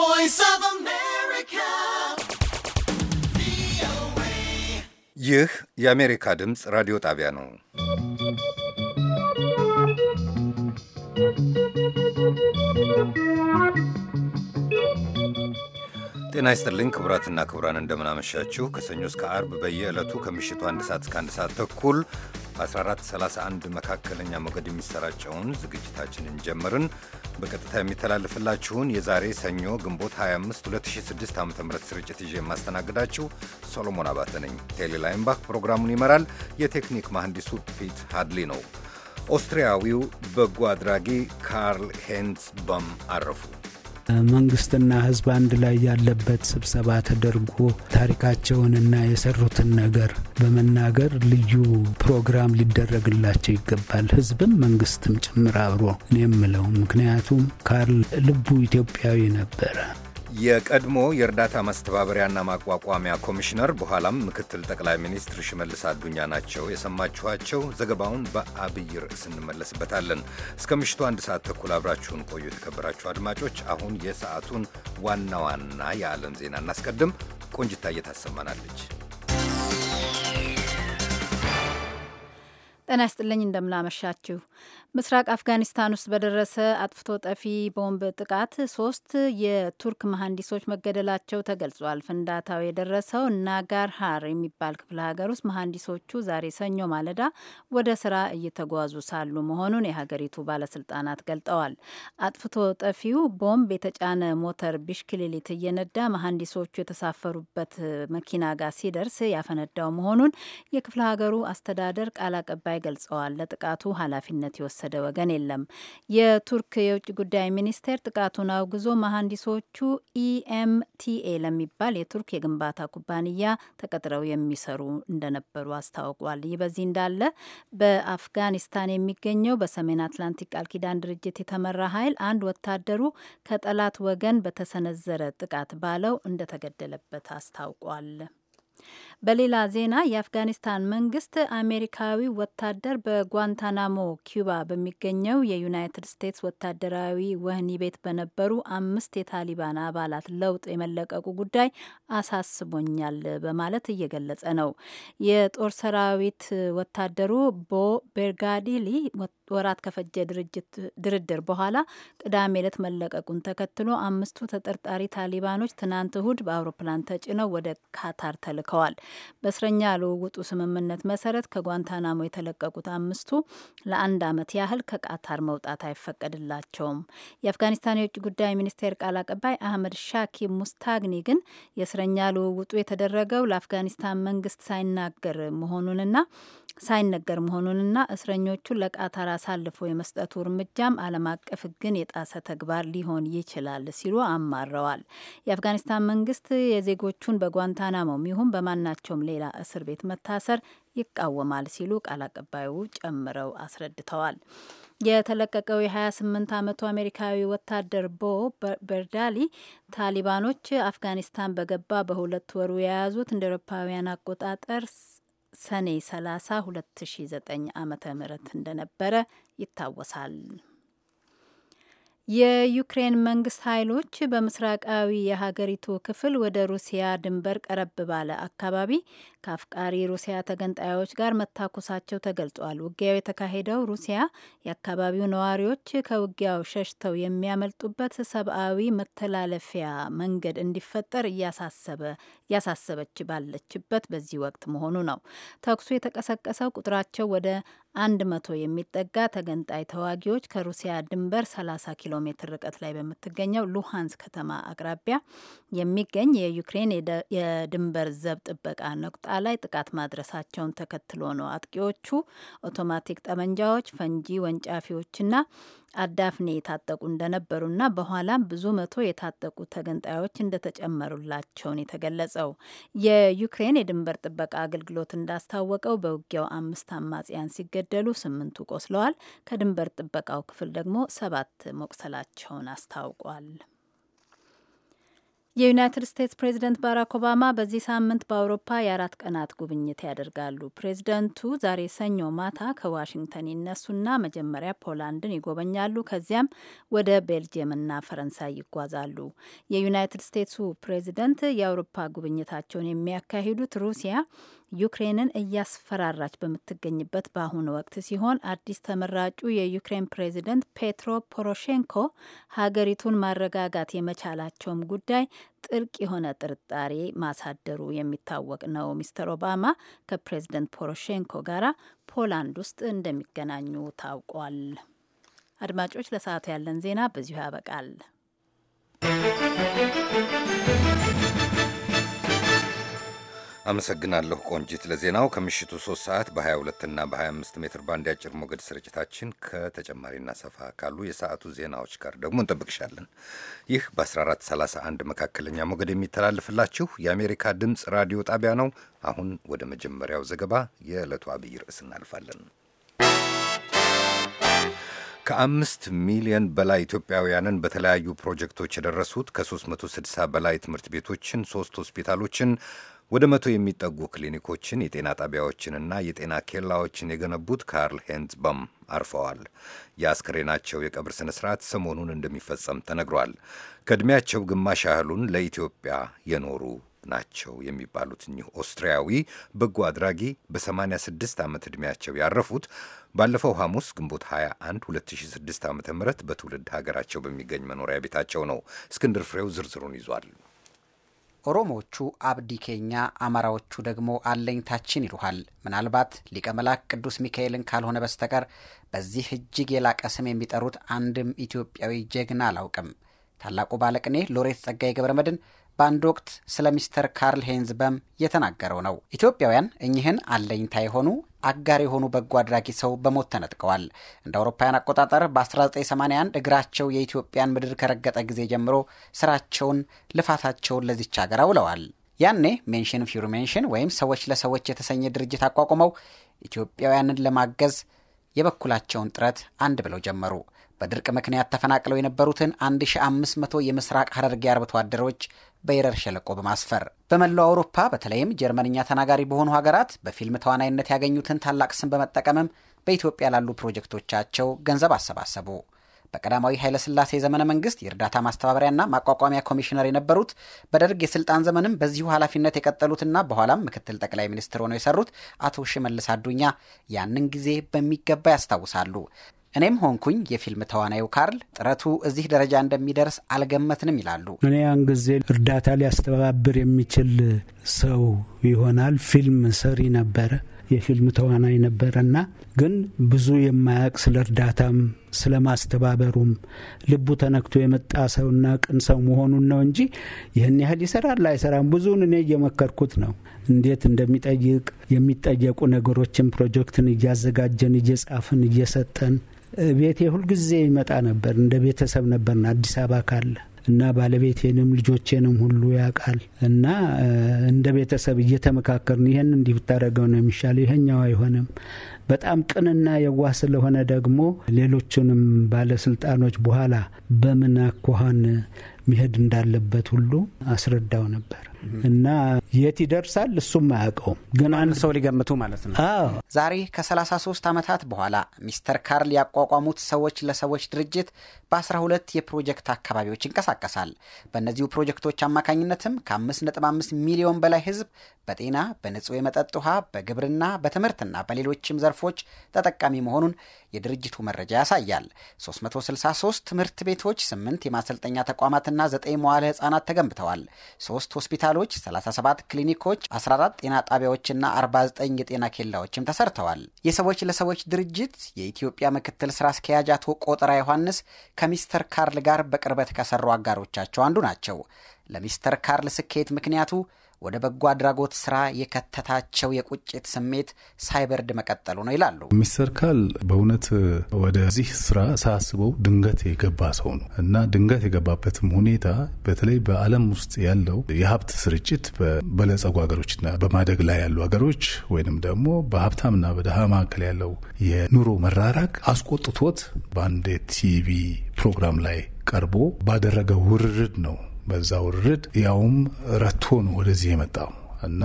voice of America. ይህ የአሜሪካ ድምፅ ራዲዮ ጣቢያ ነው። ጤና ይስጥልኝ ክቡራትና ክቡራን፣ እንደምናመሻችሁ። ከሰኞ እስከ አርብ በየዕለቱ ከምሽቱ አንድ ሰዓት እስከ አንድ ሰዓት ተኩል በ1431 መካከለኛ ሞገድ የሚሰራጨውን ዝግጅታችንን ጀመርን። በቀጥታ የሚተላለፍላችሁን የዛሬ ሰኞ ግንቦት 25 2006 ዓ ም ስርጭት ይዤ የማስተናግዳችሁ ሶሎሞን አባተ ነኝ። ቴሌ ፕሮግራሙን ይመራል። የቴክኒክ መሐንዲሱ ፒት ሃድሊ ነው። ኦስትሪያዊው በጎ አድራጊ ካርል ሄንስ በም አረፉ። መንግስትና ህዝብ አንድ ላይ ያለበት ስብሰባ ተደርጎ ታሪካቸውንና የሰሩትን ነገር በመናገር ልዩ ፕሮግራም ሊደረግላቸው ይገባል። ህዝብም መንግስትም ጭምር አብሮ ነው የምለው። ምክንያቱም ካርል ልቡ ኢትዮጵያዊ ነበረ። የቀድሞ የእርዳታ ማስተባበሪያና ማቋቋሚያ ኮሚሽነር በኋላም ምክትል ጠቅላይ ሚኒስትር ሽመልስ አዱኛ ናቸው የሰማችኋቸው። ዘገባውን በአብይ ርዕስ እንመለስበታለን። እስከ ምሽቱ አንድ ሰዓት ተኩል አብራችሁን ቆዩ የተከበራችሁ አድማጮች። አሁን የሰዓቱን ዋና ዋና የዓለም ዜና እናስቀድም። ቆንጅታ እየታሰማናለች። ጤና ይስጥልኝ እንደምናመሻችሁ ምስራቅ አፍጋኒስታን ውስጥ በደረሰ አጥፍቶ ጠፊ ቦምብ ጥቃት ሶስት የቱርክ መሐንዲሶች መገደላቸው ተገልጿል። ፍንዳታው የደረሰው ናጋር ሃር የሚባል ክፍለ ሀገር ውስጥ መሐንዲሶቹ ዛሬ ሰኞ ማለዳ ወደ ስራ እየተጓዙ ሳሉ መሆኑን የሀገሪቱ ባለስልጣናት ገልጠዋል። አጥፍቶ ጠፊው ቦምብ የተጫነ ሞተር ቢሽክሌት እየነዳ መሐንዲሶቹ የተሳፈሩበት መኪና ጋር ሲደርስ ያፈነዳው መሆኑን የክፍለ ሀገሩ አስተዳደር ቃል አቀባይ ገልጸዋል። ለጥቃቱ ኃላፊነት ይወሰ የወሰደ ወገን የለም። የቱርክ የውጭ ጉዳይ ሚኒስቴር ጥቃቱን አውግዞ መሐንዲሶቹ ኢኤምቲኤ e ለሚባል የቱርክ የግንባታ ኩባንያ ተቀጥረው የሚሰሩ እንደነበሩ አስታውቋል። ይህ በዚህ እንዳለ በአፍጋኒስታን የሚገኘው በሰሜን አትላንቲክ ቃል ኪዳን ድርጅት የተመራ ኃይል አንድ ወታደሩ ከጠላት ወገን በተሰነዘረ ጥቃት ባለው እንደተገደለበት አስታውቋል። በሌላ ዜና የአፍጋኒስታን መንግስት አሜሪካዊ ወታደር በጓንታናሞ ኪዩባ በሚገኘው የዩናይትድ ስቴትስ ወታደራዊ ወህኒ ቤት በነበሩ አምስት የታሊባን አባላት ለውጥ የመለቀቁ ጉዳይ አሳስቦኛል በማለት እየገለጸ ነው። የጦር ሰራዊት ወታደሩ ቦ ቤርጋዲሊ ወራት ከፈጀ ድርጅት ድርድር በኋላ ቅዳሜ ዕለት መለቀቁን ተከትሎ አምስቱ ተጠርጣሪ ታሊባኖች ትናንት እሁድ በአውሮፕላን ተጭነው ወደ ካታር ተልከዋል። በእስረኛ ልውውጡ ስምምነት መሰረት ከጓንታናሞ የተለቀቁት አምስቱ ለአንድ ዓመት ያህል ከቃታር መውጣት አይፈቀድላቸውም። የአፍጋኒስታን የውጭ ጉዳይ ሚኒስቴር ቃል አቀባይ አህመድ ሻኪ ሙስታግኒ ግን የእስረኛ ልውውጡ የተደረገው ለአፍጋኒስታን መንግስት ሳይናገር መሆኑንና ሳይነገር መሆኑንና እስረኞቹ ለቃታር አሳልፎ የመስጠቱ እርምጃም ዓለም አቀፍ ሕግን የጣሰ ተግባር ሊሆን ይችላል ሲሉ አማረዋል። የአፍጋኒስታን መንግስት የዜጎቹን በጓንታናሞም ይሁን በማናቸው ከማናቸውም ሌላ እስር ቤት መታሰር ይቃወማል ሲሉ ቃል አቀባዩ ጨምረው አስረድተዋል። የተለቀቀው የ28 ዓመቱ አሜሪካዊ ወታደር ቦ በርዳሊ ታሊባኖች አፍጋኒስታን በገባ በሁለት ወሩ የያዙት እንደ ኤሮፓውያን አቆጣጠር ሰኔ 30 2009 ዓ.ም እንደነበረ ይታወሳል። የዩክሬን መንግስት ኃይሎች በምስራቃዊ የሀገሪቱ ክፍል ወደ ሩሲያ ድንበር ቀረብ ባለ አካባቢ ከአፍቃሪ ሩሲያ ተገንጣዮች ጋር መታኮሳቸው ተገልጿል። ውጊያው የተካሄደው ሩሲያ የአካባቢው ነዋሪዎች ከውጊያው ሸሽተው የሚያመልጡበት ሰብአዊ መተላለፊያ መንገድ እንዲፈጠር እያሳሰበች ባለችበት በዚህ ወቅት መሆኑ ነው። ተኩሱ የተቀሰቀሰው ቁጥራቸው ወደ አንድ መቶ የሚጠጋ ተገንጣይ ተዋጊዎች ከሩሲያ ድንበር 30 ኪሎ ሜትር ርቀት ላይ በምትገኘው ሉሃንስ ከተማ አቅራቢያ የሚገኝ የዩክሬን የድንበር ዘብ ጥበቃ ነቁጣ ላይ ጥቃት ማድረሳቸውን ተከትሎ ነው። አጥቂዎቹ አውቶማቲክ ጠመንጃዎች፣ ፈንጂ ወንጫፊዎችና አዳፍኔ የታጠቁ እንደነበሩና በኋላም ብዙ መቶ የታጠቁ ተገንጣዮች እንደተጨመሩላቸውን የተገለጸው የዩክሬን የድንበር ጥበቃ አገልግሎት እንዳስታወቀው በውጊያው አምስት አማጽያን ሲገደሉ ስምንቱ ቆስለዋል። ከድንበር ጥበቃው ክፍል ደግሞ ሰባት መቁሰላቸውን አስታውቋል። የዩናይትድ ስቴትስ ፕሬዚደንት ባራክ ኦባማ በዚህ ሳምንት በአውሮፓ የአራት ቀናት ጉብኝት ያደርጋሉ። ፕሬዚደንቱ ዛሬ ሰኞ ማታ ከዋሽንግተን ይነሱና መጀመሪያ ፖላንድን ይጎበኛሉ። ከዚያም ወደ ቤልጅየምና ፈረንሳይ ይጓዛሉ። የዩናይትድ ስቴትሱ ፕሬዚደንት የአውሮፓ ጉብኝታቸውን የሚያካሂዱት ሩሲያ ዩክሬንን እያስፈራራች በምትገኝበት በአሁኑ ወቅት ሲሆን አዲስ ተመራጩ የዩክሬን ፕሬዚደንት ፔትሮ ፖሮሼንኮ ሀገሪቱን ማረጋጋት የመቻላቸውም ጉዳይ ጥልቅ የሆነ ጥርጣሬ ማሳደሩ የሚታወቅ ነው። ሚስተር ኦባማ ከፕሬዚደንት ፖሮሼንኮ ጋር ፖላንድ ውስጥ እንደሚገናኙ ታውቋል። አድማጮች፣ ለሰዓቱ ያለን ዜና በዚሁ ያበቃል። አመሰግናለሁ ቆንጂት ለዜናው። ከምሽቱ 3 ሰዓት በ22 እና በ25 ሜትር ባንድ ያጭር ሞገድ ስርጭታችን ከተጨማሪና ሰፋ ካሉ የሰዓቱ ዜናዎች ጋር ደግሞ እንጠብቅሻለን። ይህ በ1431 መካከለኛ ሞገድ የሚተላልፍላችሁ የአሜሪካ ድምፅ ራዲዮ ጣቢያ ነው። አሁን ወደ መጀመሪያው ዘገባ የዕለቱ አብይ ርዕስ እናልፋለን። ከአምስት ሚሊዮን በላይ ኢትዮጵያውያንን በተለያዩ ፕሮጀክቶች የደረሱት ከ360 በላይ ትምህርት ቤቶችን፣ ሶስት ሆስፒታሎችን፣ ወደ መቶ የሚጠጉ ክሊኒኮችን የጤና ጣቢያዎችንና የጤና ኬላዎችን የገነቡት ካርል ሄንዝበም አርፈዋል። የአስክሬናቸው የቀብር ስነ ስርዓት ሰሞኑን እንደሚፈጸም ተነግሯል። ከዕድሜያቸው ግማሽ ያህሉን ለኢትዮጵያ የኖሩ ናቸው የሚባሉት እኚህ ኦስትሪያዊ በጎ አድራጊ በ86 ዓመት ዕድሜያቸው ያረፉት ባለፈው ሐሙስ ግንቦት 21 2006 ዓ ም በትውልድ ሀገራቸው በሚገኝ መኖሪያ ቤታቸው ነው። እስክንድር ፍሬው ዝርዝሩን ይዟል። ኦሮሞዎቹ አብዲ ኬኛ፣ አማራዎቹ ደግሞ አለኝታችን ይሉሃል። ምናልባት ሊቀ መላክ ቅዱስ ሚካኤልን ካልሆነ በስተቀር በዚህ እጅግ የላቀ ስም የሚጠሩት አንድም ኢትዮጵያዊ ጀግና አላውቅም። ታላቁ ባለቅኔ ሎሬት ጸጋዬ ገብረ መድን በአንድ ወቅት ስለ ሚስተር ካርል ሄንዝ በም የተናገረው ነው። ኢትዮጵያውያን እኚህን አለኝታ የሆኑ አጋር የሆኑ በጎ አድራጊ ሰው በሞት ተነጥቀዋል። እንደ አውሮፓውያን አቆጣጠር በ1981 እግራቸው የኢትዮጵያን ምድር ከረገጠ ጊዜ ጀምሮ ስራቸውን፣ ልፋታቸውን ለዚች ሀገር አውለዋል። ያኔ ሜንሽን ፊር ሜንሽን ወይም ሰዎች ለሰዎች የተሰኘ ድርጅት አቋቁመው ኢትዮጵያውያንን ለማገዝ የበኩላቸውን ጥረት አንድ ብለው ጀመሩ። በድርቅ ምክንያት ተፈናቅለው የነበሩትን 1500 የምስራቅ ሐረርጌ አርብቶ አደሮች በይረር ሸለቆ በማስፈር በመላው አውሮፓ በተለይም ጀርመንኛ ተናጋሪ በሆኑ ሀገራት በፊልም ተዋናይነት ያገኙትን ታላቅ ስም በመጠቀምም በኢትዮጵያ ላሉ ፕሮጀክቶቻቸው ገንዘብ አሰባሰቡ። በቀዳማዊ ኃይለሥላሴ ዘመነ መንግስት የእርዳታ ማስተባበሪያና ማቋቋሚያ ኮሚሽነር የነበሩት በደርግ የስልጣን ዘመንም በዚሁ ኃላፊነት የቀጠሉትና በኋላም ምክትል ጠቅላይ ሚኒስትር ሆነው የሰሩት አቶ ሽመልስ አዱኛ ያንን ጊዜ በሚገባ ያስታውሳሉ። እኔም ሆንኩኝ የፊልም ተዋናዩ ካርል ጥረቱ እዚህ ደረጃ እንደሚደርስ አልገመትንም ይላሉ። እኔ ያን ጊዜ እርዳታ ሊያስተባብር የሚችል ሰው ይሆናል ፊልም ሰሪ ነበረ፣ የፊልም ተዋናይ ነበረ እና ግን ብዙ የማያውቅ ስለ እርዳታም ስለ ማስተባበሩም ልቡ ተነክቶ የመጣ ሰውና ቅን ሰው መሆኑን ነው እንጂ ይህን ያህል ይሰራል አይሰራም፣ ብዙውን እኔ እየመከርኩት ነው እንዴት እንደሚጠይቅ የሚጠየቁ ነገሮችን ፕሮጀክትን እያዘጋጀን እየጻፍን እየሰጠን ቤቴ ሁልጊዜ ይመጣ ነበር። እንደ ቤተሰብ ነበርና አዲስ አበባ ካለ እና ባለቤቴንም ልጆቼንም ሁሉ ያውቃል። እና እንደ ቤተሰብ እየተመካከርን ይህን እንዲህ ብታደረገው ነው የሚሻለው፣ ይሄኛው አይሆንም። በጣም ቅንና የዋህ ስለሆነ ደግሞ ሌሎቹንም ባለስልጣኖች በኋላ በምን አኳኋን መሄድ እንዳለበት ሁሉ አስረዳው ነበር። እና የት ይደርሳል እሱም አያውቀውም። ግን አንድ ሰው ሊገምቱ ማለት ነው። ዛሬ ከ33 ዓመታት በኋላ ሚስተር ካርል ያቋቋሙት ሰዎች ለሰዎች ድርጅት በ12 የፕሮጀክት አካባቢዎች ይንቀሳቀሳል። በእነዚሁ ፕሮጀክቶች አማካኝነትም ከ5.5 ሚሊዮን በላይ ህዝብ በጤና፣ በንጹህ የመጠጥ ውሃ፣ በግብርና፣ በትምህርትና በሌሎችም ዘርፎች ተጠቃሚ መሆኑን የድርጅቱ መረጃ ያሳያል። 363 ትምህርት ቤቶች፣ 8 የማሰልጠኛ ተቋማትና 9 መዋለ ህጻናት ተገንብተዋል። 3 ሆስፒታሎች ሆስፒታሎች፣ 37 ክሊኒኮች፣ 14 ጤና ጣቢያዎችና 49 የጤና ኬላዎችም ተሰርተዋል። የሰዎች ለሰዎች ድርጅት የኢትዮጵያ ምክትል ስራ አስኪያጅ አቶ ቆጠራ ዮሐንስ ከሚስተር ካርል ጋር በቅርበት ከሰሩ አጋሮቻቸው አንዱ ናቸው። ለሚስተር ካርል ስኬት ምክንያቱ ወደ በጎ አድራጎት ስራ የከተታቸው የቁጭት ስሜት ሳይበርድ መቀጠሉ ነው ይላሉ ሚስተር ካል። በእውነት ወደዚህ ስራ ሳስበው ድንገት የገባ ሰው ነው እና ድንገት የገባበትም ሁኔታ በተለይ በዓለም ውስጥ ያለው የሀብት ስርጭት በበለጸጉ ሀገሮችና በማደግ ላይ ያሉ ሀገሮች ወይንም ደግሞ በሀብታምና በድሃ መካከል ያለው የኑሮ መራራቅ አስቆጥቶት በአንድ ቲቪ ፕሮግራም ላይ ቀርቦ ባደረገ ውርርድ ነው በዛ ውርድ ያውም ረቶን ወደዚህ የመጣው እና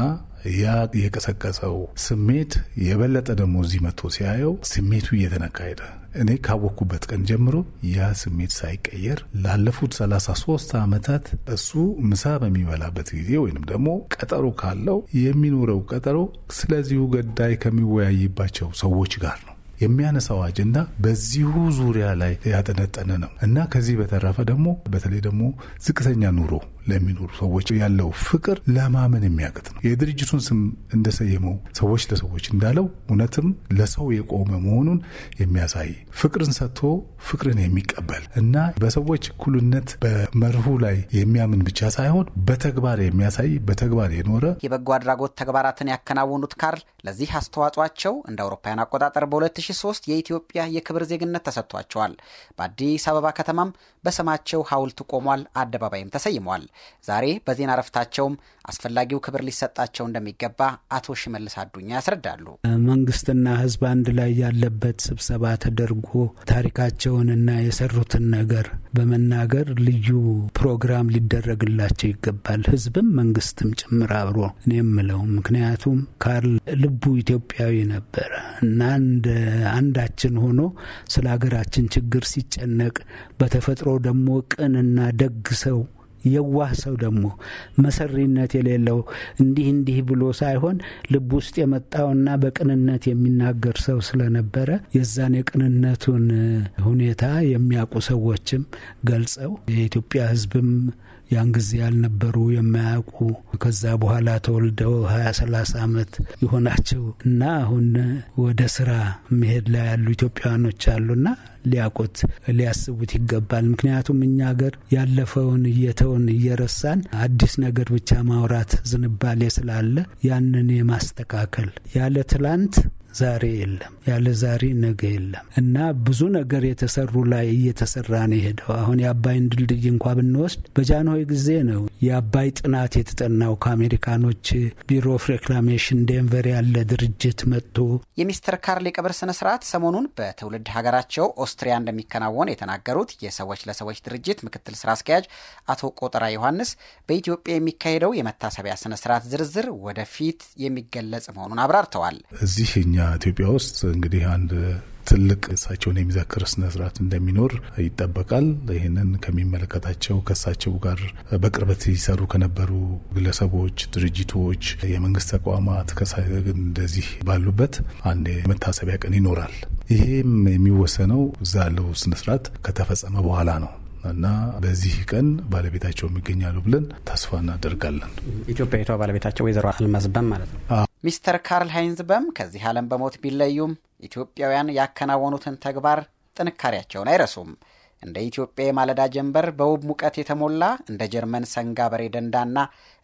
ያ የቀሰቀሰው ስሜት የበለጠ ደግሞ እዚህ መጥቶ ሲያየው ስሜቱ እየተነካ ሄደ። እኔ ካወቅኩበት ቀን ጀምሮ ያ ስሜት ሳይቀየር ላለፉት 33 ዓመታት እሱ ምሳ በሚበላበት ጊዜ ወይንም ደግሞ ቀጠሮ ካለው የሚኖረው ቀጠሮ ስለዚሁ ገዳይ ከሚወያይባቸው ሰዎች ጋር ነው። የሚያነሳው አጀንዳ በዚሁ ዙሪያ ላይ ያጠነጠነ ነው እና ከዚህ በተረፈ ደግሞ በተለይ ደግሞ ዝቅተኛ ኑሮ ለሚኖሩ ሰዎች ያለው ፍቅር ለማመን የሚያቅት ነው። የድርጅቱን ስም እንደሰየመው ሰዎች ለሰዎች እንዳለው እውነትም ለሰው የቆመ መሆኑን የሚያሳይ ፍቅርን ሰጥቶ ፍቅርን የሚቀበል እና በሰዎች እኩልነት በመርሁ ላይ የሚያምን ብቻ ሳይሆን በተግባር የሚያሳይ በተግባር የኖረ የበጎ አድራጎት ተግባራትን ያከናወኑት ካርል ለዚህ አስተዋጽኦአቸው እንደ አውሮፓውያን አቆጣጠር በ2000 2003 የኢትዮጵያ የክብር ዜግነት ተሰጥቷቸዋል። በአዲስ አበባ ከተማም በስማቸው ሐውልት ቆሟል፣ አደባባይም ተሰይሟል። ዛሬ በዜና እረፍታቸውም አስፈላጊው ክብር ሊሰጣቸው እንደሚገባ አቶ ሽመልስ አዱኛ ያስረዳሉ። መንግስትና ህዝብ አንድ ላይ ያለበት ስብሰባ ተደርጎ ታሪካቸውንና የሰሩትን ነገር በመናገር ልዩ ፕሮግራም ሊደረግላቸው ይገባል። ህዝብም መንግስትም ጭምር አብሮ እኔ የምለው ምክንያቱም ካርል ልቡ ኢትዮጵያዊ ነበረ እና አንዳችን ሆኖ ስለ ሀገራችን ችግር ሲጨነቅ በተፈጥሮ በተፈጥሮ ደግሞ ቅንና ደግ ሰው የዋህ ሰው ደግሞ መሰሪነት የሌለው እንዲህ እንዲህ ብሎ ሳይሆን ልብ ውስጥ የመጣውና በቅንነት የሚናገር ሰው ስለነበረ የዛን የቅንነቱን ሁኔታ የሚያውቁ ሰዎችም ገልጸው የኢትዮጵያ ሕዝብም ያን ጊዜ ያልነበሩ የማያውቁ ከዛ በኋላ ተወልደው ሀያ ሰላሳ ዓመት የሆናቸው እና አሁን ወደ ስራ መሄድ ላይ ያሉ ኢትዮጵያውያኖች አሉና ሊያውቁት ሊያስቡት ይገባል። ምክንያቱም እኛ ሀገር ያለፈውን እየተውን እየረሳን አዲስ ነገር ብቻ ማውራት ዝንባሌ ስላለ ያንን የማስተካከል ያለ ትላንት ዛሬ የለም፣ ያለ ዛሬ ነገ የለም እና ብዙ ነገር የተሰሩ ላይ እየተሰራ ነው የሄደው። አሁን የአባይን ድልድይ እንኳ ብንወስድ በጃንሆይ ጊዜ ነው የአባይ ጥናት የተጠናው ከአሜሪካኖች ቢሮ ኦፍ ሬክላሜሽን ዴንቨር ያለ ድርጅት መጥቶ የሚስተር ካርሌ ቀብር ስነ ስርዓት ሰሞኑን በትውልድ ሀገራቸው በኦስትሪያ እንደሚከናወን የተናገሩት የሰዎች ለሰዎች ድርጅት ምክትል ስራ አስኪያጅ አቶ ቆጠራ ዮሐንስ በኢትዮጵያ የሚካሄደው የመታሰቢያ ስነ ስርዓት ዝርዝር ወደፊት የሚገለጽ መሆኑን አብራርተዋል። እዚህ እኛ ኢትዮጵያ ውስጥ እንግዲህ አንድ ትልቅ እሳቸውን የሚዘክር ስነስርዓት እንደሚኖር ይጠበቃል። ይህንን ከሚመለከታቸው ከእሳቸው ጋር በቅርበት ሲሰሩ ከነበሩ ግለሰቦች፣ ድርጅቶች፣ የመንግስት ተቋማት እንደዚህ ባሉበት አንድ የመታሰቢያ ቀን ይኖራል። ይሄም የሚወሰነው እዛ ያለው ስነስርዓት ከተፈጸመ በኋላ ነው እና በዚህ ቀን ባለቤታቸውም ይገኛሉ ብለን ተስፋ እናደርጋለን። ኢትዮጵያዊቷ ባለቤታቸው ወይዘሮ አልመዝበም ማለት ነው። ሚስተር ካርል ሃይንዝ በም ከዚህ ዓለም በሞት ቢለዩም ኢትዮጵያውያን ያከናወኑትን ተግባር ጥንካሬያቸውን አይረሱም። እንደ ኢትዮጵያ የማለዳ ጀንበር በውብ ሙቀት የተሞላ እንደ ጀርመን ሰንጋ በሬ ደንዳና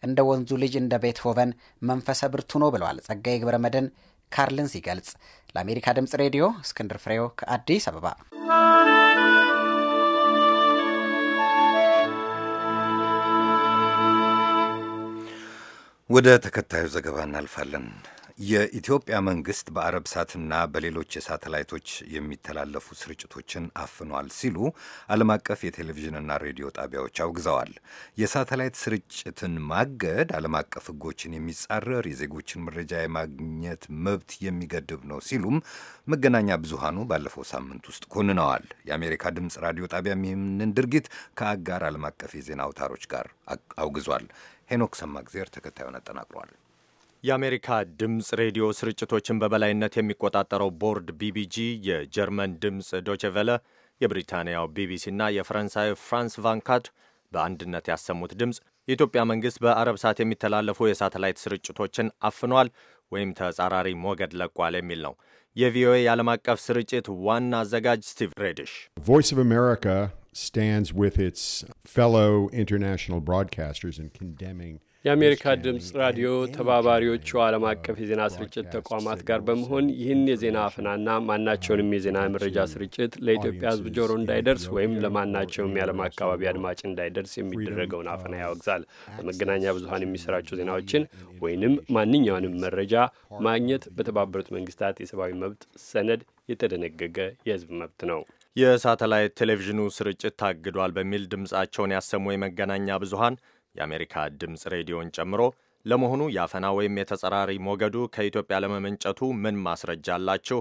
እንደ ወንዙ ልጅ እንደ ቤትሆቨን መንፈሰ ብርቱ ነው ብለዋል ጸጋዬ ግብረ መድን ካርልን ሲገልጽ። ለአሜሪካ ድምፅ ሬዲዮ እስክንድር ፍሬው ከአዲስ አበባ ወደ ተከታዩ ዘገባ እናልፋለን። የኢትዮጵያ መንግስት በአረብ ሳትና በሌሎች የሳተላይቶች የሚተላለፉ ስርጭቶችን አፍኗል ሲሉ ዓለም አቀፍ የቴሌቪዥንና ሬዲዮ ጣቢያዎች አውግዘዋል። የሳተላይት ስርጭትን ማገድ ዓለም አቀፍ ሕጎችን የሚጻረር የዜጎችን መረጃ የማግኘት መብት የሚገድብ ነው ሲሉም መገናኛ ብዙሃኑ ባለፈው ሳምንት ውስጥ ኮንነዋል። የአሜሪካ ድምፅ ራዲዮ ጣቢያም ይህንን ድርጊት ከአጋር ዓለም አቀፍ የዜና አውታሮች ጋር አውግዟል። ሄኖክ ሰማግዜር ተከታዩን አጠናቅሯል። የአሜሪካ ድምፅ ሬዲዮ ስርጭቶችን በበላይነት የሚቆጣጠረው ቦርድ ቢቢጂ፣ የጀርመን ድምፅ ዶችቨለ፣ የብሪታንያው እና የፈረንሳይ ፍራንስ ቫንካድ በአንድነት ያሰሙት ድምፅ የኢትዮጵያ መንግሥት በአረብ ሰዓት የሚተላለፉ የሳተላይት ስርጭቶችን አፍኗል፣ ወይም ተጻራሪ ሞገድ ለቋል የሚል ነው። የቪኦኤ የዓለም አቀፍ ስርጭት ዋና አዘጋጅ ስቲቭ ቮይስ ኦፍ አሜሪካ stands with its fellow international broadcasters in condemning የአሜሪካ ድምፅ ራዲዮ ተባባሪዎቹ ዓለም አቀፍ የዜና ስርጭት ተቋማት ጋር በመሆን ይህን የዜና አፍናና ማናቸውንም የዜና መረጃ ስርጭት ለኢትዮጵያ ሕዝብ ጆሮ እንዳይደርስ ወይም ለማናቸውም የዓለም አካባቢ አድማጭ እንዳይደርስ የሚደረገውን አፈና ያወግዛል። በመገናኛ ብዙኃን የሚሰራጩ ዜናዎችን ወይንም ማንኛውንም መረጃ ማግኘት በተባበሩት መንግስታት የሰብአዊ መብት ሰነድ የተደነገገ የሕዝብ መብት ነው። የሳተላይት ቴሌቪዥኑ ስርጭት ታግዷል በሚል ድምፃቸውን ያሰሙ የመገናኛ ብዙኃን የአሜሪካ ድምፅ ሬዲዮን ጨምሮ ለመሆኑ የአፈና ወይም የተጸራሪ ሞገዱ ከኢትዮጵያ ለመመንጨቱ ምን ማስረጃ አላችሁ?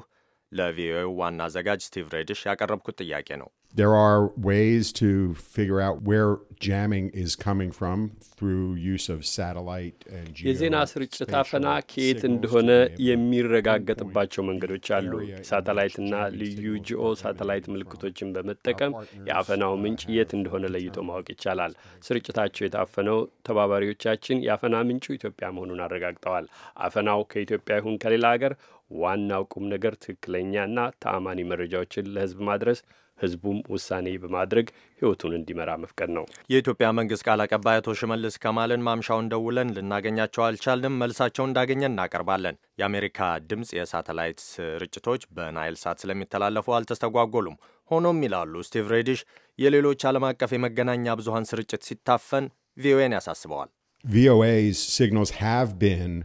ለቪኦኤው ዋና አዘጋጅ ስቲቭ ሬድሽ ያቀረብኩት ጥያቄ ነው። There are ways to figure out where jamming is coming from through use of satellite and geo የዜና ስርጭት አፈና ከየት እንደሆነ የሚረጋገጥባቸው መንገዶች አሉ። ሳተላይትና ልዩ ጂኦ ሳተላይት ምልክቶችን በመጠቀም የአፈናው ምንጭ የት እንደሆነ ለይቶ ማወቅ ይቻላል። ስርጭታቸው የታፈነው ተባባሪዎቻችን የአፈና ምንጩ ኢትዮጵያ መሆኑን አረጋግጠዋል። አፈናው ከኢትዮጵያ ይሁን ከሌላ ሀገር ዋናው ቁም ነገር ትክክለኛና ተአማኒ መረጃዎችን ለህዝብ ማድረስ ህዝቡም ውሳኔ በማድረግ ህይወቱን እንዲመራ መፍቀድ ነው። የኢትዮጵያ መንግስት ቃል አቀባይ አቶ ሽመልስ ከማልን ማምሻውን ደውለን ልናገኛቸው አልቻልንም። መልሳቸውን እንዳገኘን እናቀርባለን። የአሜሪካ ድምፅ የሳተላይት ስርጭቶች በናይል ሳት ስለሚተላለፉ አልተስተጓጎሉም። ሆኖም ይላሉ ስቲቭ ሬዲሽ፣ የሌሎች ዓለም አቀፍ የመገናኛ ብዙሀን ስርጭት ሲታፈን ቪኦኤን ያሳስበዋል። ቪኦኤስ ሲግናልስ ሃቭ ቢን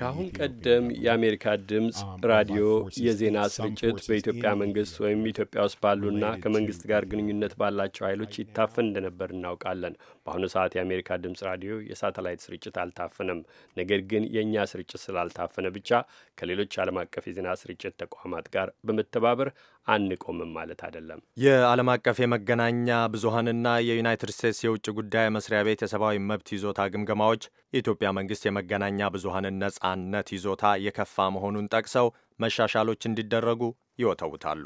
ከአሁን ቀደም የአሜሪካ ድምፅ um, ራዲዮ የዜና ስርጭት በኢትዮጵያ መንግስት ወይም ኢትዮጵያ ውስጥ ባሉና ከመንግስት ጋር ግንኙነት ባላቸው ኃይሎች ይታፈን እንደነበር እናውቃለን። በአሁኑ ሰዓት የአሜሪካ ድምፅ ራዲዮ የሳተላይት ስርጭት አልታፈነም። ነገር ግን የእኛ ስርጭት ስላልታፈነ ብቻ ከሌሎች ዓለም አቀፍ የዜና ስርጭት ተቋማት ጋር በመተባበር አንቆምም ማለት አይደለም። የዓለም አቀፍ የመገናኛ ብዙሀንና የዩናይትድ ስቴትስ የውጭ ጉዳይ መስሪያ ቤት የሰብአዊ መብት ይዞታ ግምገማዎች የኢትዮጵያ መንግስት የመገናኛ ብዙሀንን ነጻነት ይዞታ የከፋ መሆኑን ጠቅሰው መሻሻሎች እንዲደረጉ ይወተውታሉ።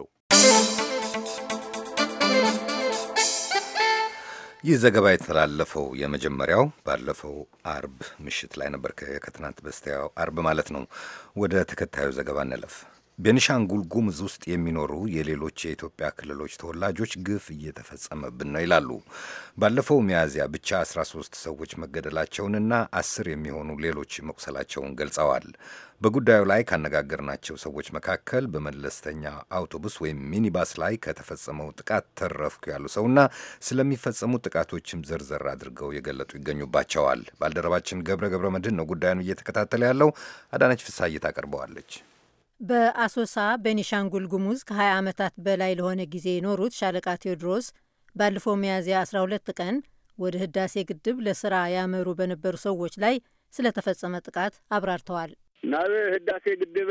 ይህ ዘገባ የተላለፈው የመጀመሪያው ባለፈው አርብ ምሽት ላይ ነበር። ከትናንት በስቲያው አርብ ማለት ነው። ወደ ተከታዩ ዘገባ እንለፍ። ቤንሻንጉል ጉሙዝ ውስጥ የሚኖሩ የሌሎች የኢትዮጵያ ክልሎች ተወላጆች ግፍ እየተፈጸመብን ነው ይላሉ። ባለፈው ሚያዝያ ብቻ 13 ሰዎች መገደላቸውንና አስር የሚሆኑ ሌሎች መቁሰላቸውን ገልጸዋል። በጉዳዩ ላይ ካነጋገርናቸው ሰዎች መካከል በመለስተኛ አውቶቡስ ወይም ሚኒባስ ላይ ከተፈጸመው ጥቃት ተረፍኩ ያሉ ሰውና ስለሚፈጸሙ ጥቃቶችም ዝርዝር አድርገው የገለጡ ይገኙባቸዋል። ባልደረባችን ገብረ ገብረ መድህን ነው ጉዳዩን እየተከታተለ ያለው። አዳነች ፍሳይ ታቀርበዋለች። በአሶሳ ቤኒሻንጉል ጉሙዝ ከ20 ዓመታት በላይ ለሆነ ጊዜ የኖሩት ሻለቃ ቴዎድሮስ ባለፈው ሚያዝያ 12 ቀን ወደ ህዳሴ ግድብ ለስራ ያመሩ በነበሩ ሰዎች ላይ ስለተፈጸመ ጥቃት አብራርተዋል። ናብ ህዳሴ ግድብ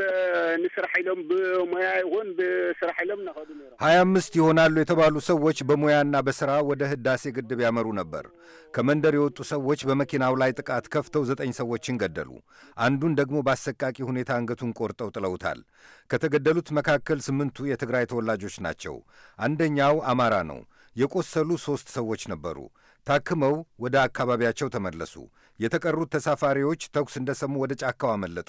ንስራሕ ኢሎም ብሞያ ይኹን ብስራሕ ኢሎም እናኸዱ ነሮም ሀያ አምስት ይሆናሉ የተባሉ ሰዎች በሙያና በስራ ወደ ህዳሴ ግድብ ያመሩ ነበር። ከመንደር የወጡ ሰዎች በመኪናው ላይ ጥቃት ከፍተው ዘጠኝ ሰዎችን ገደሉ። አንዱን ደግሞ በአሰቃቂ ሁኔታ አንገቱን ቆርጠው ጥለውታል። ከተገደሉት መካከል ስምንቱ የትግራይ ተወላጆች ናቸው። አንደኛው አማራ ነው። የቆሰሉ ሦስት ሰዎች ነበሩ። ታክመው ወደ አካባቢያቸው ተመለሱ። የተቀሩት ተሳፋሪዎች ተኩስ እንደሰሙ ወደ ጫካው አመለጡ።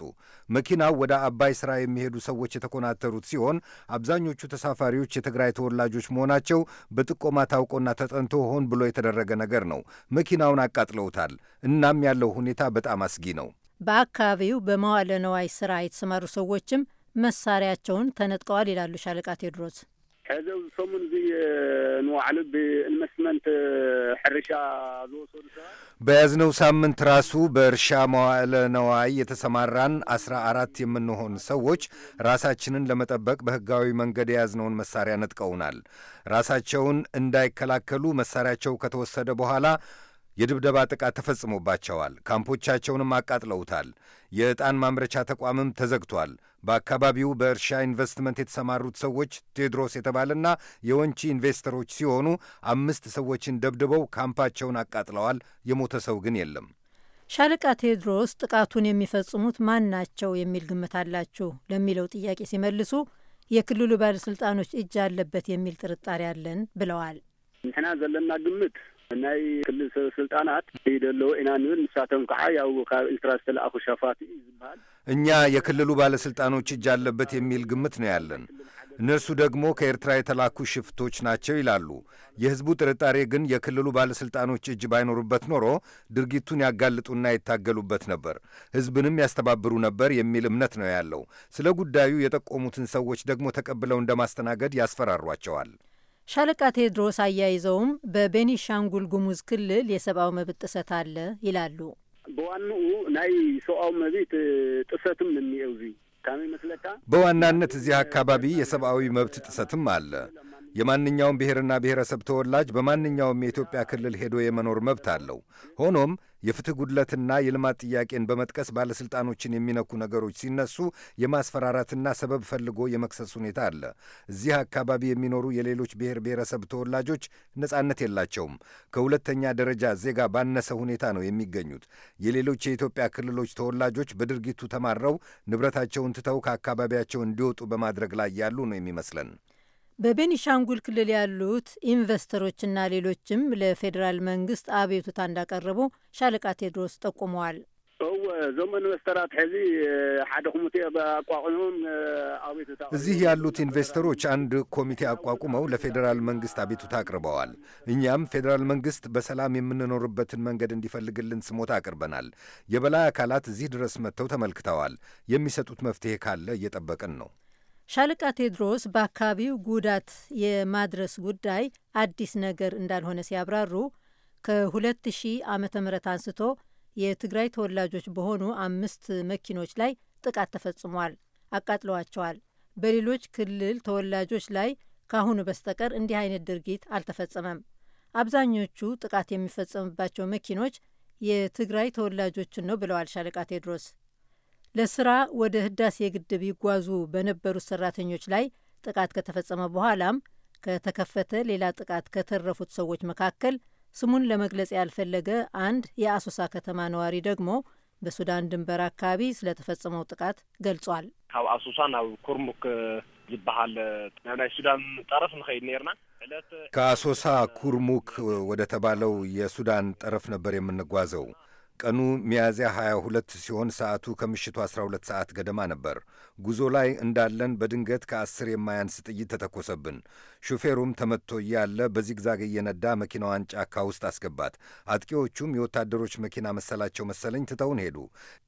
መኪናው ወደ አባይ ሥራ የሚሄዱ ሰዎች የተኮናተሩት ሲሆን አብዛኞቹ ተሳፋሪዎች የትግራይ ተወላጆች መሆናቸው በጥቆማ ታውቆና ተጠንቶ ሆን ብሎ የተደረገ ነገር ነው። መኪናውን አቃጥለውታል። እናም ያለው ሁኔታ በጣም አስጊ ነው። በአካባቢው በመዋለ ነዋይ ሥራ የተሰማሩ ሰዎችም መሳሪያቸውን ተነጥቀዋል ይላሉ ሻለቃ ቴድሮስ። በያዝነው ሳምንት ራሱ በእርሻ መዋዕለ ነዋይ የተሰማራን አስራ አራት የምንሆን ሰዎች ራሳችንን ለመጠበቅ በሕጋዊ መንገድ የያዝነውን መሳሪያ ነጥቀውናል። ራሳቸውን እንዳይከላከሉ መሳሪያቸው ከተወሰደ በኋላ የድብደባ ጥቃት ተፈጽሞባቸዋል። ካምፖቻቸውንም አቃጥለውታል። የዕጣን ማምረቻ ተቋምም ተዘግቷል። በአካባቢው በእርሻ ኢንቨስትመንት የተሰማሩት ሰዎች ቴድሮስ የተባለና የወንጪ ኢንቨስተሮች ሲሆኑ አምስት ሰዎችን ደብድበው ካምፓቸውን አቃጥለዋል። የሞተ ሰው ግን የለም። ሻለቃ ቴድሮስ ጥቃቱን የሚፈጽሙት ማን ናቸው የሚል ግምት አላችሁ ለሚለው ጥያቄ ሲመልሱ የክልሉ ባለስልጣኖች እጅ አለበት የሚል ጥርጣሬ አለን ብለዋል። ንሕና ዘለና ግምት ናይ ክልል ሰበ ስልጣናት ኢና ንብል ንሳቶም ከዓ ያው ካብ ኤርትራ ዝተለኣኹ ሸፋት እዩ ዝበሃል እኛ የክልሉ ባለስልጣኖች እጅ አለበት የሚል ግምት ነው ያለን። እነርሱ ደግሞ ከኤርትራ የተላኩ ሽፍቶች ናቸው ይላሉ። የህዝቡ ጥርጣሬ ግን የክልሉ ባለሥልጣኖች እጅ ባይኖሩበት ኖሮ ድርጊቱን ያጋልጡና ይታገሉበት ነበር፣ ህዝብንም ያስተባብሩ ነበር የሚል እምነት ነው ያለው። ስለ ጉዳዩ የጠቆሙትን ሰዎች ደግሞ ተቀብለው እንደማስተናገድ ያስፈራሯቸዋል። ሻለቃ ቴድሮስ አያይዘውም በቤኒሻንጉል ጉሙዝ ክልል የሰብአዊ መብት ጥሰት አለ ይላሉ። ብዋንኡ ናይ ሰብአዊ መብት ጥሰትም እኒኤው ዙ በዋናነት እዚህ አካባቢ የሰብአዊ መብት ጥሰትም አለ። የማንኛውም ብሔርና ብሔረሰብ ተወላጅ በማንኛውም የኢትዮጵያ ክልል ሄዶ የመኖር መብት አለው። ሆኖም የፍትህ ጉድለትና የልማት ጥያቄን በመጥቀስ ባለሥልጣኖችን የሚነኩ ነገሮች ሲነሱ የማስፈራራትና ሰበብ ፈልጎ የመክሰስ ሁኔታ አለ። እዚህ አካባቢ የሚኖሩ የሌሎች ብሔር ብሔረሰብ ተወላጆች ነጻነት የላቸውም። ከሁለተኛ ደረጃ ዜጋ ባነሰ ሁኔታ ነው የሚገኙት። የሌሎች የኢትዮጵያ ክልሎች ተወላጆች በድርጊቱ ተማረው ንብረታቸውን ትተው ከአካባቢያቸው እንዲወጡ በማድረግ ላይ ያሉ ነው የሚመስለን። በቤኒሻንጉል ክልል ያሉት ኢንቨስተሮችና ሌሎችም ለፌዴራል መንግስት አቤቱታ እንዳቀረቡ ሻለቃ ቴድሮስ ጠቁመዋል። እዞም ኢንቨስተራት ሕዚ ሓደ ኮሚቴ አቤቱታ እዚህ ያሉት ኢንቨስተሮች አንድ ኮሚቴ አቋቁመው ለፌዴራል መንግስት አቤቱታ አቅርበዋል። እኛም ፌዴራል መንግስት በሰላም የምንኖርበትን መንገድ እንዲፈልግልን ስሞታ አቅርበናል። የበላይ አካላት እዚህ ድረስ መጥተው ተመልክተዋል። የሚሰጡት መፍትሄ ካለ እየጠበቅን ነው። ሻለቃ ቴድሮስ በአካባቢው ጉዳት የማድረስ ጉዳይ አዲስ ነገር እንዳልሆነ ሲያብራሩ ከ2000 ዓ ም አንስቶ የትግራይ ተወላጆች በሆኑ አምስት መኪኖች ላይ ጥቃት ተፈጽሟል፣ አቃጥለዋቸዋል። በሌሎች ክልል ተወላጆች ላይ ካሁኑ በስተቀር እንዲህ አይነት ድርጊት አልተፈጸመም። አብዛኞቹ ጥቃት የሚፈጸምባቸው መኪኖች የትግራይ ተወላጆችን ነው ብለዋል ሻለቃ ቴድሮስ። ለስራ ወደ ህዳሴ ግድብ ይጓዙ በነበሩት ሰራተኞች ላይ ጥቃት ከተፈጸመ በኋላም ከተከፈተ ሌላ ጥቃት ከተረፉት ሰዎች መካከል ስሙን ለመግለጽ ያልፈለገ አንድ የአሶሳ ከተማ ነዋሪ ደግሞ በሱዳን ድንበር አካባቢ ስለተፈጸመው ጥቃት ገልጿል። ካብ አሶሳ ናብ ኩርሙክ ዝበሃል ናይ ሱዳን ጠረፍ ንኸይድ ነርና ከአሶሳ ኩርሙክ ወደ ተባለው የሱዳን ጠረፍ ነበር የምንጓዘው። ቀኑ ሚያዝያ 22 ሲሆን ሰዓቱ ከምሽቱ 12 ሰዓት ገደማ ነበር። ጉዞ ላይ እንዳለን በድንገት ከአስር የማያንስ ጥይት ተተኮሰብን። ሹፌሩም ተመትቶ እያለ በዚግዛግ እየነዳ መኪናዋን ጫካ ውስጥ አስገባት። አጥቂዎቹም የወታደሮች መኪና መሰላቸው መሰለኝ ትተውን ሄዱ።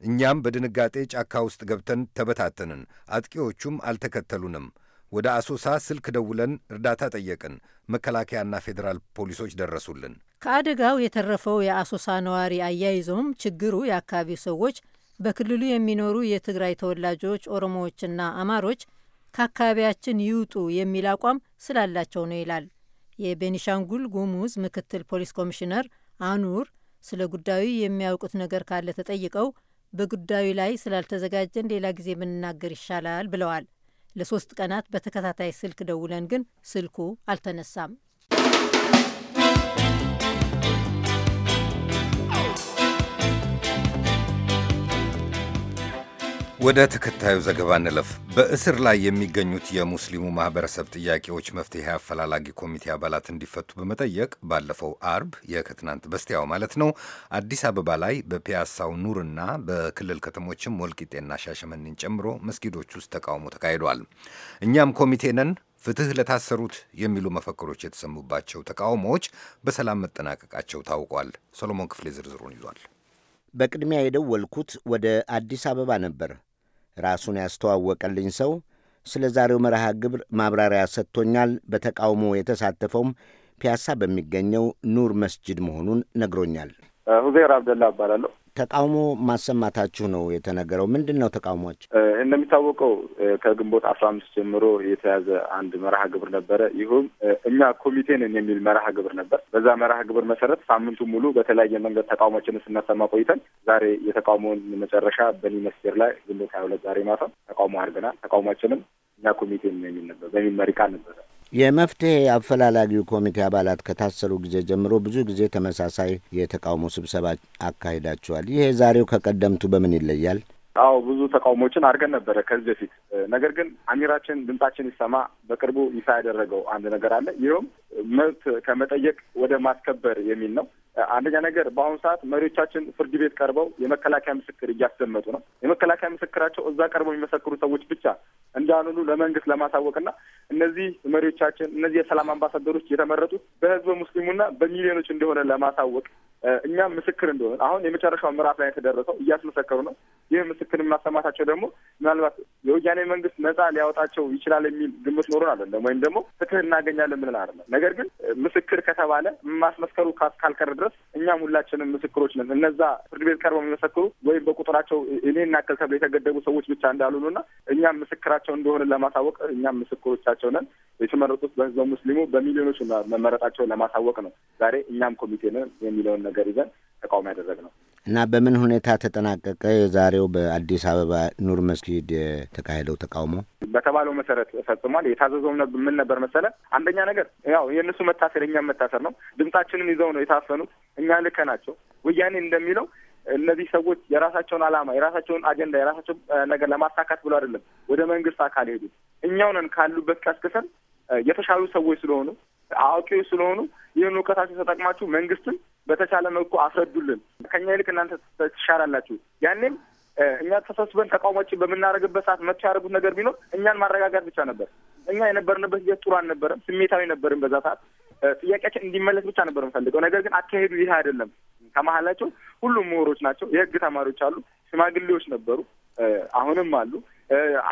እኛም በድንጋጤ ጫካ ውስጥ ገብተን ተበታተንን። አጥቂዎቹም አልተከተሉንም። ወደ አሶሳ ስልክ ደውለን እርዳታ ጠየቅን። መከላከያና ፌዴራል ፖሊሶች ደረሱልን። ከአደጋው የተረፈው የአሶሳ ነዋሪ አያይዞም ችግሩ የአካባቢው ሰዎች በክልሉ የሚኖሩ የትግራይ ተወላጆች ኦሮሞዎችና አማሮች ከአካባቢያችን ይውጡ የሚል አቋም ስላላቸው ነው ይላል። የቤኒሻንጉል ጉሙዝ ምክትል ፖሊስ ኮሚሽነር አኑር ስለ ጉዳዩ የሚያውቁት ነገር ካለ ተጠይቀው በጉዳዩ ላይ ስላልተዘጋጀን ሌላ ጊዜ ብንናገር ይሻላል ብለዋል። ለሶስት ቀናት በተከታታይ ስልክ ደውለን ግን ስልኩ አልተነሳም። ወደ ተከታዩ ዘገባ እንለፍ። በእስር ላይ የሚገኙት የሙስሊሙ ማህበረሰብ ጥያቄዎች መፍትሄ አፈላላጊ ኮሚቴ አባላት እንዲፈቱ በመጠየቅ ባለፈው አርብ የከትናንት በስቲያው ማለት ነው አዲስ አበባ ላይ በፒያሳው ኑርና በክልል ከተሞችም ወልቂጤና ሻሸመኔን ጨምሮ መስጊዶች ውስጥ ተቃውሞ ተካሂዷል። እኛም ኮሚቴ ነን፣ ፍትህ ለታሰሩት የሚሉ መፈክሮች የተሰሙባቸው ተቃውሞዎች በሰላም መጠናቀቃቸው ታውቋል። ሰሎሞን ክፍሌ ዝርዝሩን ይዟል። በቅድሚያ የደወልኩት ወደ አዲስ አበባ ነበር። ራሱን ያስተዋወቀልኝ ሰው ስለ ዛሬው መርሃ ግብር ማብራሪያ ሰጥቶኛል። በተቃውሞ የተሳተፈውም ፒያሳ በሚገኘው ኑር መስጂድ መሆኑን ነግሮኛል። ሁዜር አብደላ እባላለሁ። ተቃውሞ ማሰማታችሁ ነው የተነገረው። ምንድን ነው ተቃውሟችሁ? እንደሚታወቀው ከግንቦት አስራ አምስት ጀምሮ የተያዘ አንድ መርሃ ግብር ነበረ። ይሁም እኛ ኮሚቴ ነን የሚል መርሃ ግብር ነበር። በዛ መርሃ ግብር መሰረት ሳምንቱ ሙሉ በተለያየ መንገድ ተቃውሞችን ስናሰማ ቆይተን ዛሬ የተቃውሞውን መጨረሻ በኒ መስጊድ ላይ ግንቦት ሀያ ሁለት ዛሬ ማታ ተቃውሞ አድርገናል። ተቃውሟችንም እኛ ኮሚቴ ነን የሚል ነበር በሚል መሪ ቃል ነበረ የመፍትሄ አፈላላጊው ኮሚቴ አባላት ከታሰሩ ጊዜ ጀምሮ ብዙ ጊዜ ተመሳሳይ የተቃውሞ ስብሰባ አካሂዳቸዋል። ይሄ ዛሬው ከቀደምቱ በምን ይለያል? አዎ ብዙ ተቃውሞችን አድርገን ነበረ ከዚህ በፊት። ነገር ግን አሚራችን ድምጻችን ይሰማ በቅርቡ ይፋ ያደረገው አንድ ነገር አለ። ይኸውም መብት ከመጠየቅ ወደ ማስከበር የሚል ነው። አንደኛ ነገር በአሁኑ ሰዓት መሪዎቻችን ፍርድ ቤት ቀርበው የመከላከያ ምስክር እያስደመጡ ነው። የመከላከያ ምስክራቸው እዛ ቀርበው የሚመሰክሩ ሰዎች ብቻ እንዳንሉ ለመንግስት ለማሳወቅና እነዚህ መሪዎቻችን እነዚህ የሰላም አምባሳደሮች የተመረጡት በህዝበ ሙስሊሙና በሚሊዮኖች እንደሆነ ለማሳወቅ እኛም ምስክር እንደሆነ አሁን የመጨረሻው ምዕራፍ ላይ የተደረሰው እያስመሰከሩ ነው። ይህ ምስክር የማሰማታቸው ደግሞ ምናልባት የወያኔ መንግስት ነጻ ሊያወጣቸው ይችላል የሚል ግምት ኖሮን አይደለም፣ ወይም ደግሞ ፍትህ እናገኛለን ብለን አይደለም። ነገር ግን ምስክር ከተባለ ማስመስከሩ ካልቀረ ድረስ እኛም ሁላችንም ምስክሮች ነን። እነዛ ፍርድ ቤት ቀርበው የሚመሰክሩ ወይም በቁጥራቸው እኔ እናከል ተብሎ የተገደቡ ሰዎች ብቻ እና እኛም ምስክራቸው እንደሆነ ለማሳወቅ እኛም ምስክሮቻቸው ነን። የተመረጡት በህዝበ ሙስሊሙ በሚሊዮኖች መመረጣቸውን ለማሳወቅ ነው። ዛሬ እኛም ኮሚቴ ነን የሚለውን ነገር ይዘን ተቃውሞ ያደረግ ነው እና በምን ሁኔታ ተጠናቀቀ የዛሬው በአዲስ አበባ ኑር መስጊድ የተካሄደው ተቃውሞ? በተባለው መሰረት ፈጽሟል። የታዘዘው ምን ነበር መሰለ? አንደኛ ነገር ያው የእነሱ መታሰር የእኛም መታሰር ነው። ድምጻችንን ይዘው ነው የታፈኑት። እኛ ልከ ናቸው ወያኔ እንደሚለው እነዚህ ሰዎች የራሳቸውን አላማ የራሳቸውን አጀንዳ የራሳቸውን ነገር ለማሳካት ብሎ አይደለም ወደ መንግስት አካል ሄዱ። እኛውነን ካሉበት ቀስቅሰን የተሻሉ ሰዎች ስለሆኑ አዋቂዎች ስለሆኑ ይህን እውቀታቸው ተጠቅማችሁ መንግስትን በተቻለ መልኩ አስረዱልን። ከኛ ይልቅ እናንተ ትሻላላችሁ። ያኔም እኛ ተሰብስበን ተቃውሞችን በምናደርግበት ሰዓት መጥቶ ያደረጉት ነገር ቢኖር እኛን ማረጋጋት ብቻ ነበር። እኛ የነበርንበት ጊዜ ጥሩ አልነበረም። ስሜታዊ ነበርን። በዛ ሰዓት ጥያቄያችን እንዲመለስ ብቻ ነበር የምፈልገው። ነገር ግን አካሄዱ ይህ አይደለም። ከመሀላቸው ሁሉም ምሁሮች ናቸው። የህግ ተማሪዎች አሉ፣ ሽማግሌዎች ነበሩ፣ አሁንም አሉ፣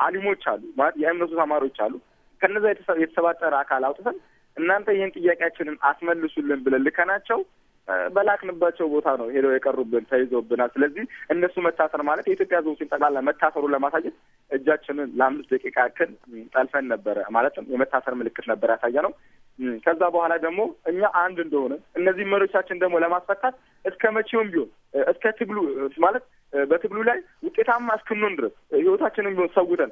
አሊሞች አሉ፣ ማለት የእምነቱ ተማሪዎች አሉ። ከነዛ የተሰባጠረ አካል አውጥተን እናንተ ይህን ጥያቄያችንን አስመልሱልን ብለን ልከናቸው በላክንባቸው ቦታ ነው ሄደው የቀሩብን ተይዘውብናል። ስለዚህ እነሱ መታሰር ማለት የኢትዮጵያ ሕዝቦችን ጠቅላላ መታሰሩን ለማሳየት እጃችንን ለአምስት ደቂቃ ያክል ጠልፈን ነበረ። ማለትም የመታሰር ምልክት ነበር ያሳየ ነው። ከዛ በኋላ ደግሞ እኛ አንድ እንደሆነ እነዚህ መሪዎቻችን ደግሞ ለማስፈታት እስከ መቼውም ቢሆን እስከ ትግሉ ማለት በትግሉ ላይ ውጤታማ እስክንሆን ድረስ ህይወታችንን ቢሆን ሰውተን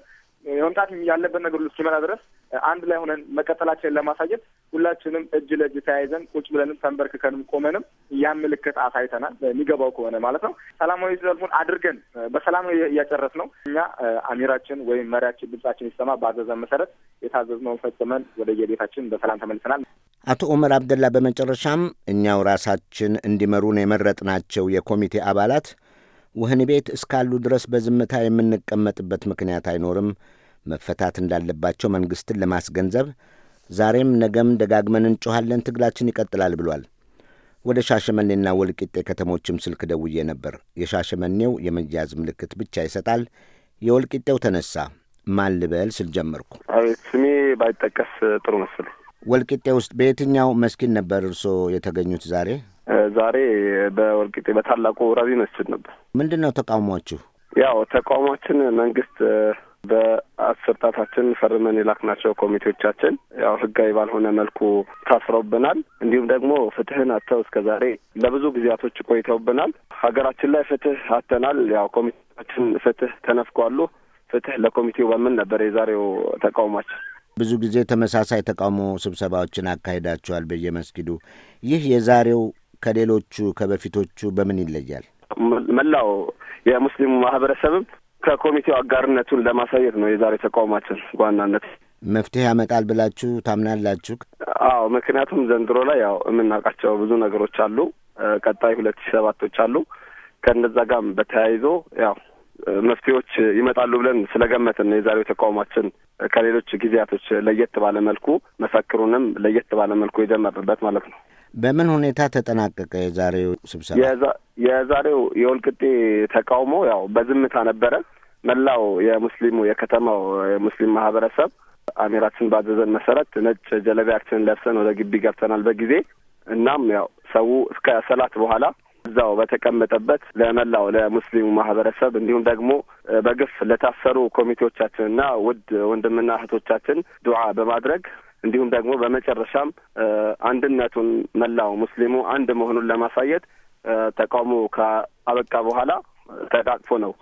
መምጣት ያለበት ነገር ሁሉ እስኪመጣ ድረስ አንድ ላይ ሆነን መቀጠላችንን ለማሳየት ሁላችንም እጅ ለእጅ ተያይዘን ቁጭ ብለንም ተንበርክከንም ቆመንም ያን ምልክት አሳይተናል። የሚገባው ከሆነ ማለት ነው። ሰላማዊ ሰልፉን አድርገን በሰላም እያጨረስ ነው። እኛ አሚራችን ወይም መሪያችን ድምጻችን ይሰማ በአዘዘን መሰረት የታዘዝነውን ፈጽመን ወደ የቤታችን በሰላም ተመልሰናል። አቶ ኦመር አብደላ፣ በመጨረሻም እኛው ራሳችን እንዲመሩን የመረጥናቸው የኮሚቴ አባላት ወህኒ ቤት እስካሉ ድረስ በዝምታ የምንቀመጥበት ምክንያት አይኖርም። መፈታት እንዳለባቸው መንግሥትን ለማስገንዘብ ዛሬም ነገም ደጋግመን እንጮኋለን። ትግላችን ይቀጥላል ብሏል። ወደ ሻሸመኔና ወልቂጤ ከተሞችም ስልክ ደውዬ ነበር። የሻሸመኔው የመያዝ ምልክት ብቻ ይሰጣል። የወልቂጤው ተነሳ። ማን ልበል ስል ጀመርኩ። አቤት ስሜ ባይጠቀስ ጥሩ መስል። ወልቂጤ ውስጥ በየትኛው መስኪን ነበር እርስዎ የተገኙት ዛሬ? ዛሬ በወልቂጤ በታላቁ ረቢ መስጅድ ነበር። ምንድን ነው ተቃውሟችሁ? ያው ተቃውሟችን መንግስት በአስር ጣታችን ፈርመን የላክናቸው ኮሚቴዎቻችን ያው ህጋዊ ባልሆነ መልኩ ታስረውብናል። እንዲሁም ደግሞ ፍትህን አጥተው እስከ ዛሬ ለብዙ ጊዜያቶች ቆይተውብናል። ሀገራችን ላይ ፍትህ አጥተናል። ያው ኮሚቴዎቻችን ፍትህ ተነፍቋሉ። ፍትህ ለኮሚቴው በምን ነበር የዛሬው ተቃውሟችን። ብዙ ጊዜ ተመሳሳይ ተቃውሞ ስብሰባዎችን አካሂዳቸዋል በየመስጊዱ። ይህ የዛሬው ከሌሎቹ ከበፊቶቹ በምን ይለያል? መላው የሙስሊሙ ማህበረሰብም ከኮሚቴው አጋርነቱን ለማሳየት ነው የዛሬ ተቃውሟችን በዋናነት። መፍትሄ ያመጣል ብላችሁ ታምናላችሁ? አዎ፣ ምክንያቱም ዘንድሮ ላይ ያው የምናውቃቸው ብዙ ነገሮች አሉ። ቀጣይ ሁለት ሺ ሰባቶች አሉ። ከነዛ ጋም በተያይዞ ያው መፍትሄዎች ይመጣሉ ብለን ስለገመትን ነው የዛሬው ተቃውሟችን ከሌሎች ጊዜያቶች ለየት ባለ መልኩ መፈክሩንም ለየት ባለ መልኩ የጀመርንበት ማለት ነው። በምን ሁኔታ ተጠናቀቀ የዛሬው ስብሰባ? የዛሬው የወልቅጤ ተቃውሞ ያው በዝምታ ነበረ። መላው የሙስሊሙ የከተማው የሙስሊም ማህበረሰብ አሚራችን ባዘዘን መሰረት ነጭ ጀለቢያችንን ለብሰን ወደ ግቢ ገብተናል በጊዜ እናም ያው ሰው እስከ ሰላት በኋላ እዛው በተቀመጠበት ለመላው ለሙስሊሙ ማህበረሰብ እንዲሁም ደግሞ በግፍ ለታሰሩ ኮሚቴዎቻችንና ውድ ወንድምና እህቶቻችን ዱዓ በማድረግ እንዲሁም ደግሞ በመጨረሻም አንድነቱን መላው ሙስሊሙ አንድ መሆኑን ለማሳየት ተቃውሞ ከአበቃ በኋላ ተቃቅፎ ነው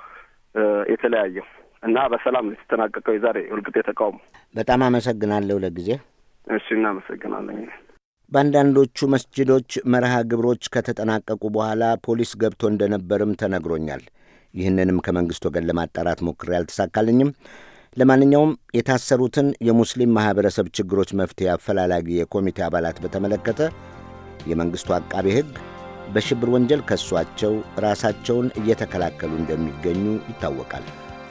የተለያየው እና በሰላም ነው የተጠናቀቀው የዛሬ ወልቂጤ ተቃውሞ። በጣም አመሰግናለሁ ለጊዜ። እሺ፣ እናመሰግናለን። በአንዳንዶቹ መስጅዶች መርሃ ግብሮች ከተጠናቀቁ በኋላ ፖሊስ ገብቶ እንደነበርም ተነግሮኛል። ይህንንም ከመንግስት ወገን ለማጣራት ሞክሬ አልተሳካልኝም። ለማንኛውም የታሰሩትን የሙስሊም ማኅበረሰብ ችግሮች መፍትሄ አፈላላጊ የኮሚቴ አባላት በተመለከተ የመንግሥቱ አቃቤ ሕግ በሽብር ወንጀል ከሷቸው ራሳቸውን እየተከላከሉ እንደሚገኙ ይታወቃል።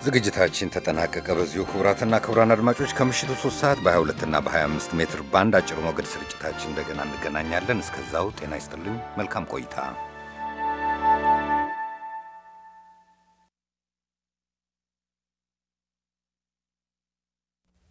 ዝግጅታችን ተጠናቀቀ። በዚሁ ክቡራትና ክቡራን አድማጮች ከምሽቱ 3 ሰዓት በ22ና በ25 ሜትር ባንድ አጭር ሞገድ ስርጭታችን እንደገና እንገናኛለን። እስከዛው ጤና ይስጥልኝ። መልካም ቆይታ